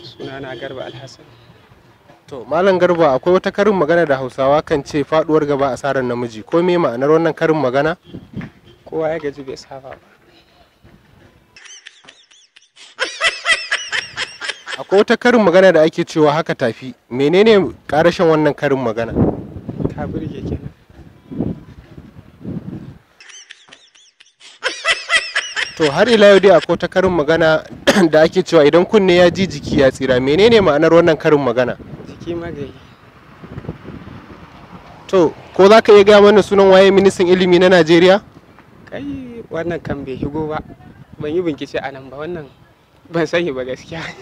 sunana garba alhassan to malam garba akwai wata karin magana da hausawa kan ce faduwar gaba asarar namiji ko me ma'anar wannan karin magana kowa ya gaji bai saba ba akwai wata karin magana da ake cewa haka tafi menene karashin wannan karin magana ta burge kenan to har ila yau dai akwai ta karin magana da ake cewa idan kunne ya ji jiki ya tsira menene ma'anar wannan karin magana jiki magani to ko za ka iya gaya mana sunan waye ministan ilimi na najeriya kai wannan kan bai higo ba ban yi bincike a nan ba wannan ban sani ba gaskiya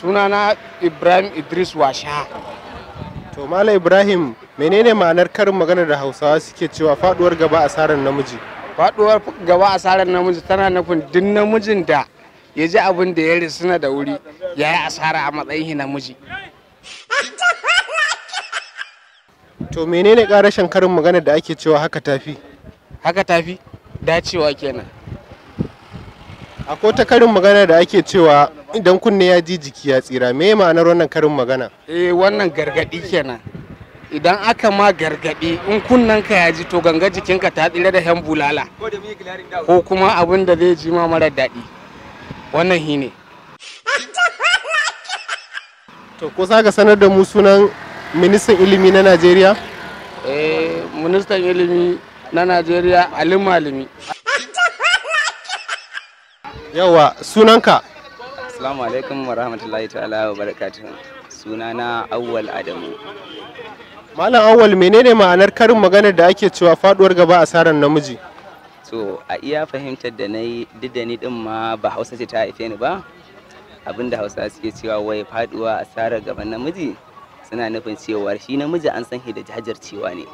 sunana ibrahim idris washa to mala ibrahim menene ma'anar karin magana da hausawa suke cewa faduwar gaba asarar namiji faduwar gaba asarar namiji tana nufin duk namijin da ya ji abin da ya risina da wuri ya yi asara a matsayin namiji to menene karashin karin magana da ake cewa haka tafi haka tafi dacewa kenan akwai ta karin magana da ake cewa idan kunne ya ji jiki ya tsira me ma'anar wannan karin magana eh wannan gargadi kenan idan aka ma gargadi in kunnen ka ya ji to ganga jikinka ta tsira da hen bulala ko kuma abin da zai ji ma mara daɗi wannan hi ne to ko za ka sanar da mu sunan ministan ilimi na najeriya eh ministan ilimi na najeriya ali Malimi. yawa sunanka Assalamu alaikum wa rahmatullahi ta'ala wa barakatuhu. na Awwal Adamu. Malam Awwal menene ma'anar karin maganar da ake cewa faduwar gaba asarar namiji? To a iya fahimtar da na yi duk ni din ma ba Hausa ce ta haife ni ba. Abinda Hausa suke cewa wai faduwa asarar gaban namiji suna nufin cewa shi namiji an san da jajircewa ne.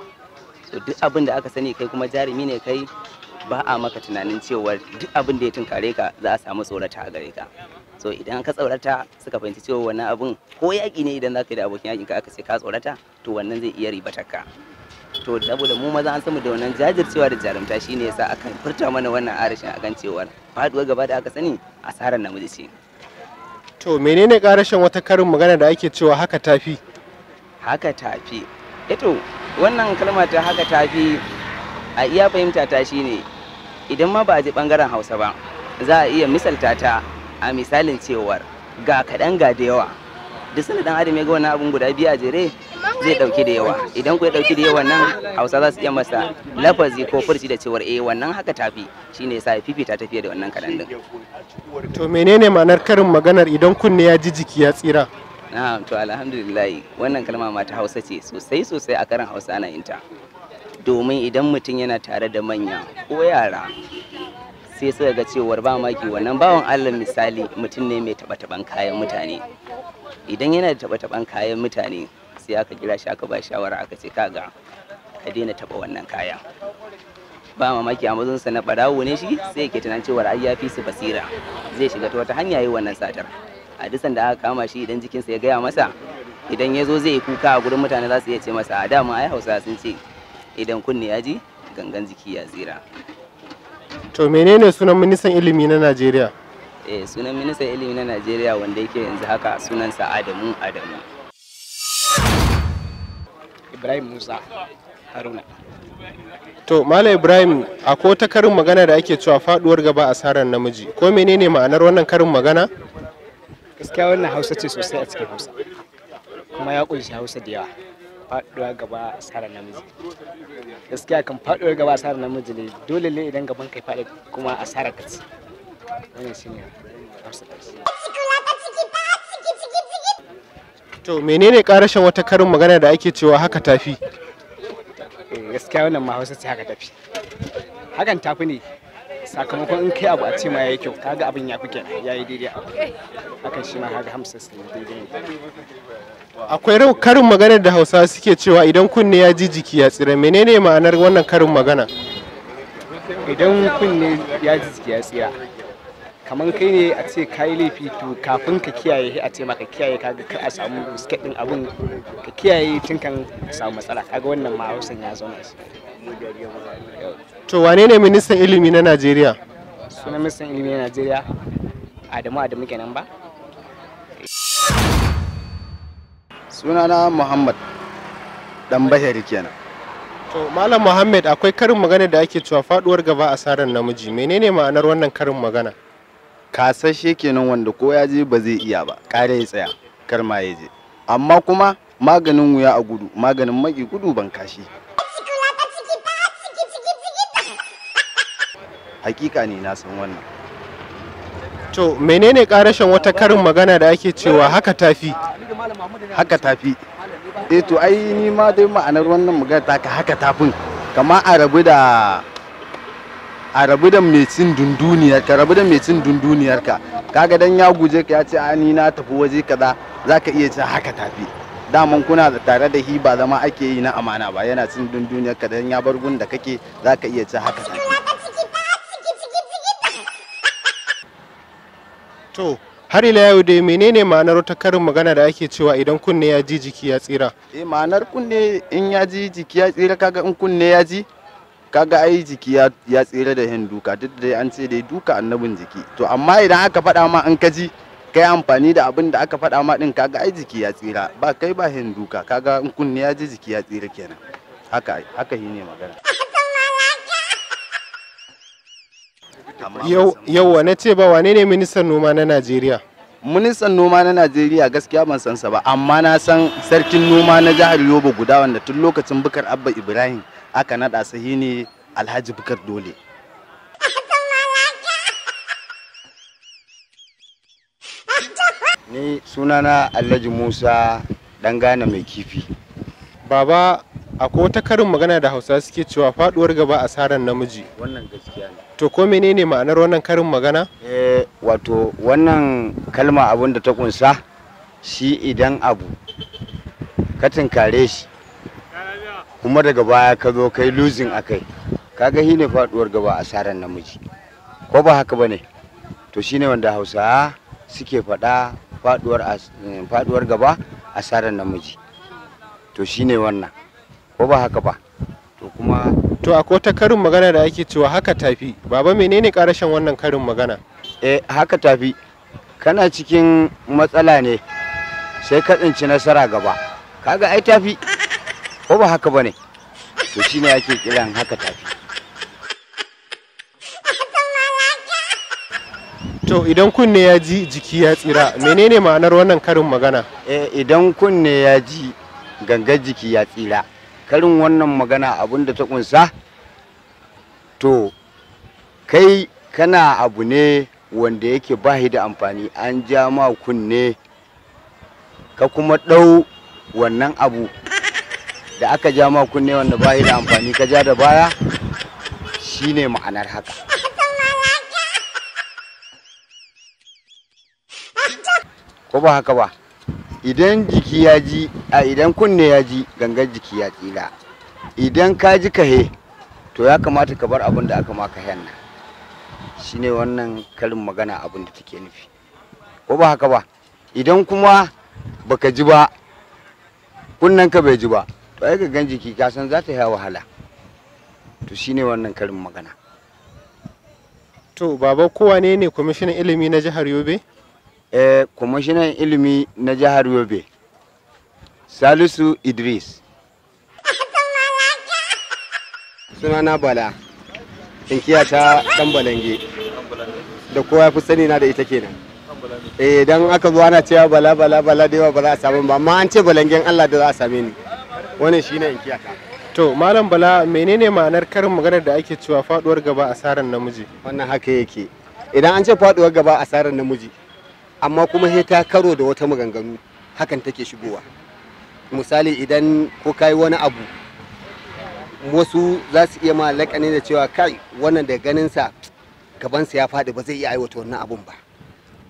To duk abin da aka sani kai kuma jarumi ne kai ba a maka tunanin cewa duk abin da ya tunkare ka za a samu tsorata a gare ka so idan ka tsorata suka fahimci cewa wannan abin ko yaƙi ne idan za ka yi da abokin yaƙin ka aka ce ka tsorata to wannan zai iya ribatar ka to saboda mu maza an samu da wannan jajircewa da jarumta shine yasa aka furta mana wannan arashin akan cewa faduwa gaba da aka sani asarar namiji ce to menene karashin wata karin magana da ake cewa haka tafi haka tafi eto eh wannan kalma ta haka tafi a iya fahimta ta shine idan ma ba a je bangaren hausa ba za a iya misalta ta a misalin cewar ga kaɗan ga da yawa da sanda dan adam ya ga wani abun guda biyu a jere zai dauki da yawa idan ku ya dauki da yawa nan hausa za su iya masa lafazi ko furci da cewar eh wannan haka tafi shine yasa fifita tafiya da wannan kaɗan din to menene ma'anar karin maganar idan kunne ya ji jiki ya tsira na'am to alhamdulillah wannan kalma ma ta hausa ce sosai sosai a karin hausa ana yin ta domin idan mutum yana tare da manya ko yara sai suka ga cewar ba maki wannan bawan allah misali mutum ne mai taba-taban kayan mutane idan yana da taba-taban kayan mutane sai aka kira shi aka ba shawara aka ce kaga ka daina taba wannan kaya ba mamaki a mazunsa na barawo ne shi sai ke tunan cewar ai ya fi su basira zai shiga ta wata hanya yi wannan satar a dusan da aka kama shi idan jikinsa ya gaya masa idan ya zo zai kuka a gurin mutane za su iya ce masa a dama ai hausa sun ce idan kunne ya ji gangan jiki ya tsira to menene sunan ministan ilimi na najeriya eh sunan ministan ilimi na najeriya wanda yake yanzu haka sunansa adamu adamu ibrahim musa haruna to Malam ibrahim akwai wata karin magana da ake cewa faduwar gaba asarar namiji ko menene ma'anar wannan karin magana gaskiya wannan hausa ce sosai a cikin hausa kuma ya kunshi hausa da yawa faɗuwa gaba a tsara namiji gaskiya kan faɗuwa gaba a tsara namiji ne dole ne idan gaban kai faɗi kuma a asarar ka ci wannan shine amsa to menene karashin wata karin magana da ake cewa haka tafi eh, gaskiya wannan ma hausa ce haka tafi hakan tafi ne sakamakon in kai abu a ce ma yayi kyau kaga abin ya fi ya yayi daidai haka shi ma kaga hamsa ne daidai akwai rau karin maganar da Hausa suke cewa idan kunne ya ji jiki ya tsira menene ma'anar wannan karin magana idan kunne ya ji jiki ya tsira kamar kai ne a ce ka yi laifi to kafin ka kiyaye a ce maka kiyaye kaga kar a samu biskit din abun ka kiyaye tun kan samu matsala kaga wannan ma hausan ya zauna shi to wane ne ministan ilimi na najeriya sunan ministan ilimi na najeriya adamu adamu kenan ba sunana muhammad dan bahari kenan to malam muhammad akwai karin magana da ake cewa faduwar gaba a asarar namiji menene ma'anar wannan karin magana kasashe kenan wanda ko ya je ba zai iya ba kare ya tsaya kar ma ya je amma kuma maganin wuya a gudu maganin maki gudu ban kashi hakika ne na san wannan to menene karashin wata karin magana da ake cewa haka tafi haka tafi eh to ai ni ma dai ma'anar wannan magana ta haka tafin kama a rabu da a rabu da mai cin dunduniyar ka rabu da mai dunduniyar ka kaga dan ya guje ka ya ce a ni na tafi waje kaza zaka iya ci haka tafi daman kuna da tare da hi ba zama ake yi na amana ba yana cin dunduniyar ka dan ya bar gun da kake zaka iya ce haka tafi to har ila yau dai menene ma'anar wata karin magana da ake cewa idan kunne ya ji jiki ya tsira eh ma'anar kunne in ya ji jiki ya tsira kaga in kunne ya ji kaga ai jiki ya tsira da hin duka duk da an ce dai duka annabin jiki to amma idan aka faɗa ma an ka ji kai amfani da abin da aka faɗa ma din kaga ai jiki ya tsira ba kai ba hin duka kaga in kunne ya ji jiki ya tsira kenan haka haka ne magana yauwa na ce ba wane ne ministan noma na najeriya ministan noma na najeriya gaskiya ban san sa ba amma na san sarkin noma na jihar yobe guda wanda tun lokacin bukar abba ibrahim aka naɗa sahi ne alhaji bukar dole ni sunana alhaji musa dan gane mai kifi baba akwai wata karin magana da hausa suke cewa faduwar gaba asarar namiji wannan gaskiya ne to ko menene ma'anar wannan karin magana eh wato wannan kalma abin da ta kunsa shi idan abu ka tinkare shi kuma daga baya ka zo kai losing akai kaga shi ne faduwar gaba asarar namiji ko ba haka bane to shine wanda hausa suke faɗa faduwar eh, gaba asarar namiji to shine wannan ko ba haka ba to kuma to akwai ta karin magana da ake cewa haka tafi baba menene karashin wannan karin magana eh haka tafi kana cikin matsala ne sai ka tsinci nasara gaba kaga ai tafi ko ba haka bane to shine ake kiran haka tafi to idan kunne ya ji jiki ya tsira menene ma'anar wannan karin magana eh idan kunne ya ji gangar jiki ya tsira karin wannan magana abin da ta kunsa to kai kana abu ne wanda yake bahi da amfani an ja ma kunne ka kuma ɗau wannan abu da aka ja ma kunne wanda bahi da amfani ka ja da baya shine ma'anar haka ko ba haka ba idan jiki ya ji a idan kunne ya ji gangan jiki ya tsira idan ka ji kahe to ya kamata ka bar abin da aka maka hanna shine wannan karin magana abin da take nufi ko ba haka ba idan kuma baka ji ba kunnen ka bai ji ba to ai gangan jiki ka san za ta yi wahala to shine wannan karin magana to baba kowane ne kwamishinan ilimi na jihar yobe eh, kwamishinan ilimi na jihar yobe salisu idris sunana bala inkiya ta dan balange da kowa fi sani na da ita kenan eh dan aka zo ana cewa bala bala bala da yawa ba za a samu ba amma an ce balangen allah da za a same ni wannan shine inkiya ta to malam bala menene ma'anar karin maganar da ake cewa faduwar gaba asarar namiji wannan haka yake idan an ce faduwar gaba asarar namiji amma kuma sai ta karo da wata maganganu hakan take shigowa misali idan ko kai wani abu wasu za su iya ma ne da cewa kai wannan da ganinsa gabansa ya faɗi ba zai iya aiwata wannan abun ba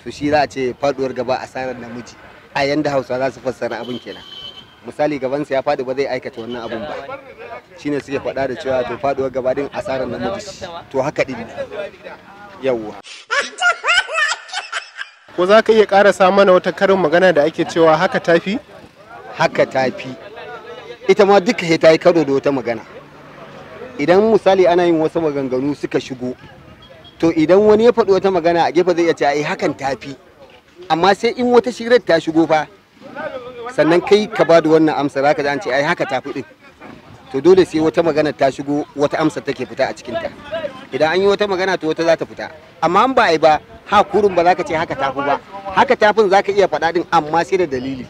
to shi za a ce faɗuwar gaba asarar namiji a yanda hausa za su fassara abin kenan misali gabansa ya faɗi ba zai aikata wannan abun ba shine suke faɗa da cewa to faɗuwar gaba din asarar namiji to haka din yawwa ko za ka iya ƙarasa mana wata karin magana da ake cewa haka tafi haka tafi ita ma duka sai ta yi karo da wata magana idan misali ana yin wasu maganganu suka shigo to idan wani ya faɗi wata magana a gefe zai iya ce ai hakan tafi amma sai in wata shirar ta shigo fa sannan kai ka ba da wannan amsa za ka ji an ce ai haka tafi din to dole sai wata magana ta shigo wata amsa take fita a cikinta idan an yi wata magana to wata za ta fita amma an ba a yi ba ha kurun ba za ka ce haka tafi ba haka tafin za ka iya faɗa din amma sai da dalili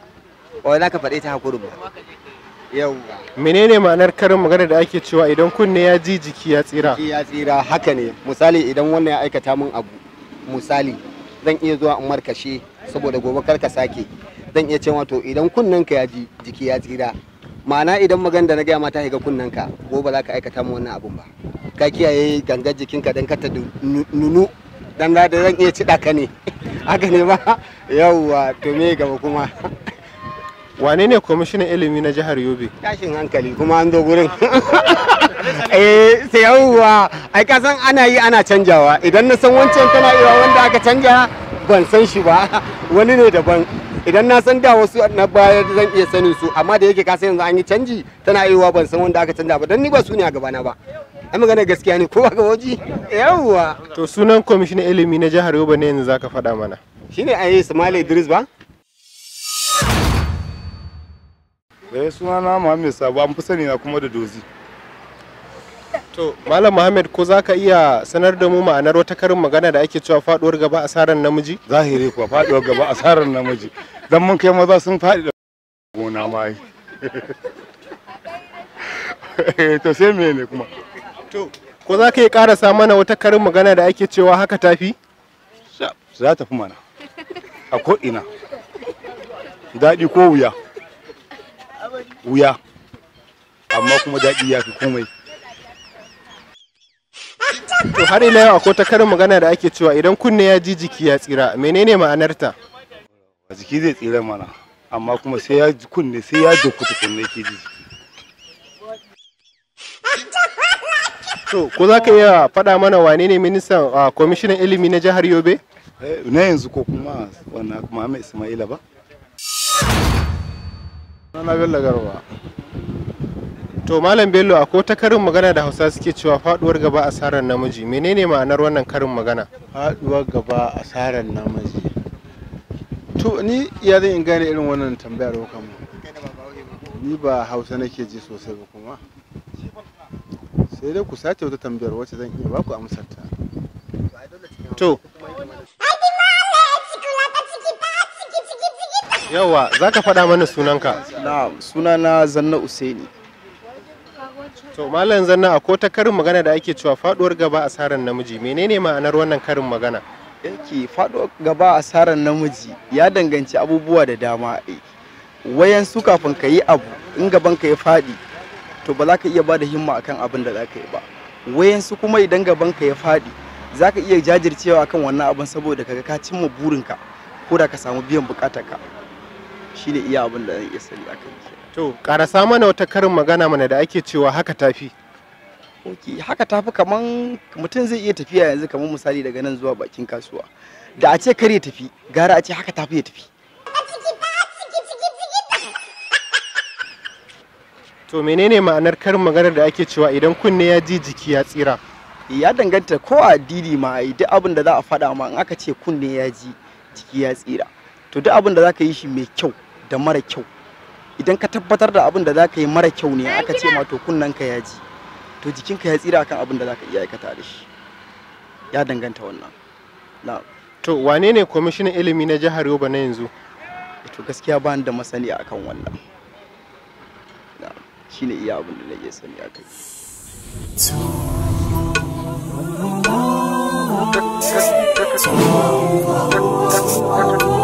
wai za ka faɗe ta ha ba yauwa menene ma'anar karin magana da ake cewa idan kunne ya ji jiki ya tsira Jiki ya tsira haka ne misali idan wannan ya aikata min abu misali zan iya zuwa in markashe saboda gobe kar ka sake zan iya cewa to idan kunnen ka ya ji jiki ya tsira ma'ana idan magana da na gaya mata ga kunnanka ko ba za ka aikata mu wannan abun ba ka kiyaye gangar jikinka dan ka ta nunu dan da zan iya ci ka ne haka ne ba yawwa to me gaba kuma wane ne kwamishinan ilimi na jihar yobe tashin hankali kuma an zo gurin eh yawwa ai ka san ana yi ana canjawa idan na san wancan tana iya wanda aka canja ban san shi ba wani ne daban idan na san da wasu na baya zan iya sanin su amma da yake ka san yanzu an yi canji tana yiwuwa ban san wanda aka canja ba dan ni ba su ne a gabana ba an magana gaskiya ne ko ba waji yawwa to sunan kwamishinan ilimi na jihar yoba ne yanzu zaka faɗa mana shine ayi Ismail Idris ba eh sunana muhammed Sabo an fi sani na kuma da Dozi To, Malam Muhammad ko za ka iya sanar da mu ma'anar wata karin magana da ake cewa faduwar gaba asarar namiji? Zahiri kuwa faduwar gaba asarar namiji. Dan mun kai maza sun faɗi da gona ma eh, To sai me ne kuma? To, ko za ka iya karasa mana wata karin magana da ake cewa haka tafi? Za ta fi mana. A ko'ina. Daɗi ko wuya? Wuya. Amma kuma daɗi ya fi komai. to har ila yau akwai ta karin magana da ake cewa idan kunne ya ji jiki ya tsira menene ma'anarta jiki zai tsira mana amma kuma sai ya kunne sai ya doku kunne ke ji to ko za ka iya faɗa mana wane ne ministan kwamishinan ilimi na jihar yobe eh, na yanzu ko kuma wannan kuma ismaila ba na bello garba to malam bello akwai ta karin magana da hausa suke cewa faduwar gaba asarar namiji menene ma'anar wannan karin magana faduwar gaba asarar namiji to ni ya zan in gane irin wannan tambayar ko mu ni ba hausa nake ji sosai ba kuma sai dai ku sace wata tambayar wacce zan iya baku amsar ta to yawa zaka faɗa mana sunanka na sunana zanna usaini to malam zanna a ta karin magana da ake cewa faduwar gaba asarar namiji menene ma'anar wannan karin magana yake faduwar gaba asarar namiji ya danganci abubuwa da dama wayan su kafin ka yi abu in gaban ka ya faɗi to ba za ka iya ba da himma akan abin da za ka yi ba wayan su kuma idan gaban ka ya faɗi za ka iya jajircewa akan wannan abin saboda kaga ka cimma burinka ko da ka samu biyan bukatarka shine iya abin da zan iya sani akan to karasa mana wata karin magana mana da ake cewa haka tafi ok haka tafi kaman mutum zai iya tafiya yanzu kaman misali daga nan zuwa bakin kasuwa da a ce kar ya tafi gara a ce haka tafi ya tafi to menene ma'anar karin maganar da ake cewa idan kunne ya ji jiki ya tsira ya danganta ko addini ma yi duk abin da za a faɗa ma in aka ce kunne ya ji jiki ya tsira to duk abin da za ka yi shi mai kyau da mara kyau idan ka tabbatar da abin da za ka yi mara kyau ne aka ce ma to kunnen ka ya ji to jikin ka ya tsira kan abin da za ka iya aikata da shi ya danganta wannan na to wane ne kwamishinan ilimi na jihar yoba na yanzu to gaskiya ba da masani akan wannan na shine iya abin da nake sani akai Oh,